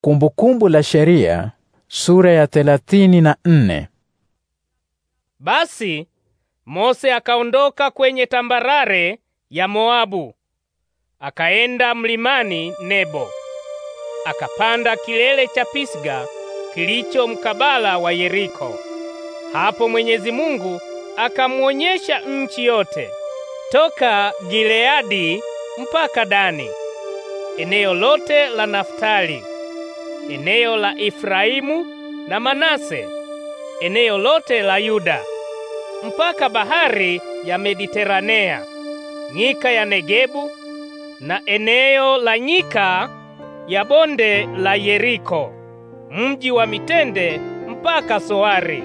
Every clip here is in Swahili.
Kumbukumbu la Sheria sura ya 34. Basi Mose akaondoka kwenye tambarare ya Moabu akaenda mlimani Nebo akapanda kilele cha Pisga kilicho mkabala wa Yeriko. Hapo Mwenyezi Mungu akamwonyesha nchi yote toka Gileadi mpaka Dani, eneo lote la Naftali eneo la Efraimu na Manase, eneo lote la Yuda mpaka bahari ya Mediteranea, nyika ya Negebu na eneo la nyika ya bonde la Yeriko, mji wa mitende mpaka Soari.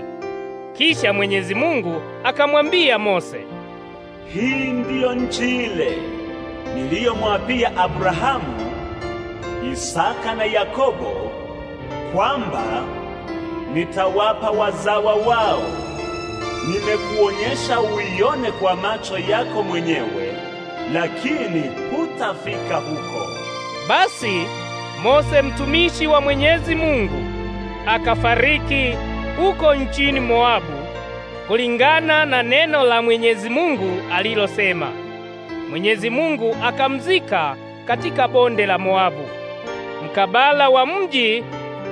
Kisha Mwenyezi Mungu akamwambia Mose, hii ndiyo nchi ile niliyomwapia Abrahamu, Isaka na Yakobo kwamba nitawapa wazawa wao. Nimekuonyesha uione kwa macho yako mwenyewe, lakini hutafika huko. Basi Mose mtumishi wa Mwenyezi Mungu akafariki huko nchini Moabu kulingana na neno la Mwenyezi Mungu alilosema. Mwenyezi Mungu akamzika katika bonde la Moabu mkabala wa mji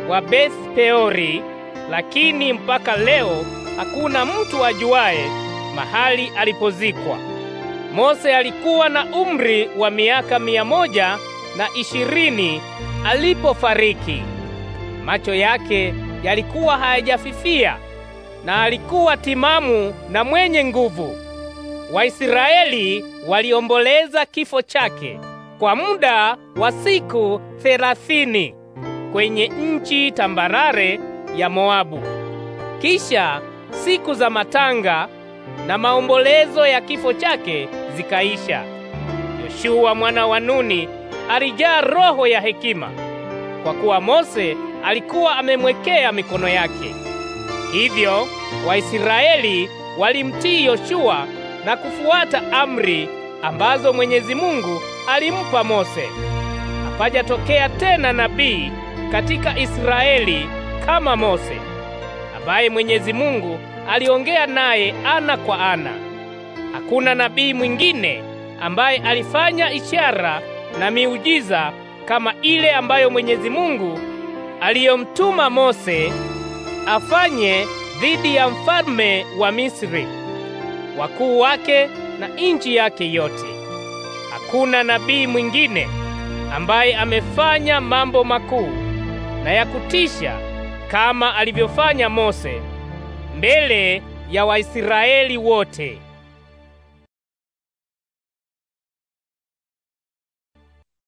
wa Beth Peori, lakini mpaka leo hakuna mtu ajuaye mahali alipozikwa. Mose alikuwa na umri wa miaka mia moja na ishirini alipofariki. Macho yake yalikuwa hayajafifia na alikuwa timamu na mwenye nguvu. Waisraeli waliomboleza kifo chake kwa muda wa siku thelathini kwenye nchi tambarare ya Moabu. Kisha siku za matanga na maombolezo ya kifo chake zikaisha. Yoshua mwana wa Nuni alijaa roho ya hekima, kwa kuwa Mose alikuwa amemwekea mikono yake. Hivyo Waisraeli walimtii Yoshua na kufuata amri ambazo Mwenyezi Mungu alimpa Mose. Hapajatokea tena nabii katika Israeli kama Mose, ambaye Mwenyezi Mungu aliongea naye ana kwa ana. Hakuna nabii mwingine ambaye alifanya ishara na miujiza kama ile ambayo Mwenyezi Mungu aliyomtuma Mose afanye dhidi ya mfalme wa Misri, wakuu wake na nchi yake yote. Hakuna nabii mwingine ambaye amefanya mambo makuu na ya kutisha kama alivyofanya Mose mbele ya Waisraeli wote.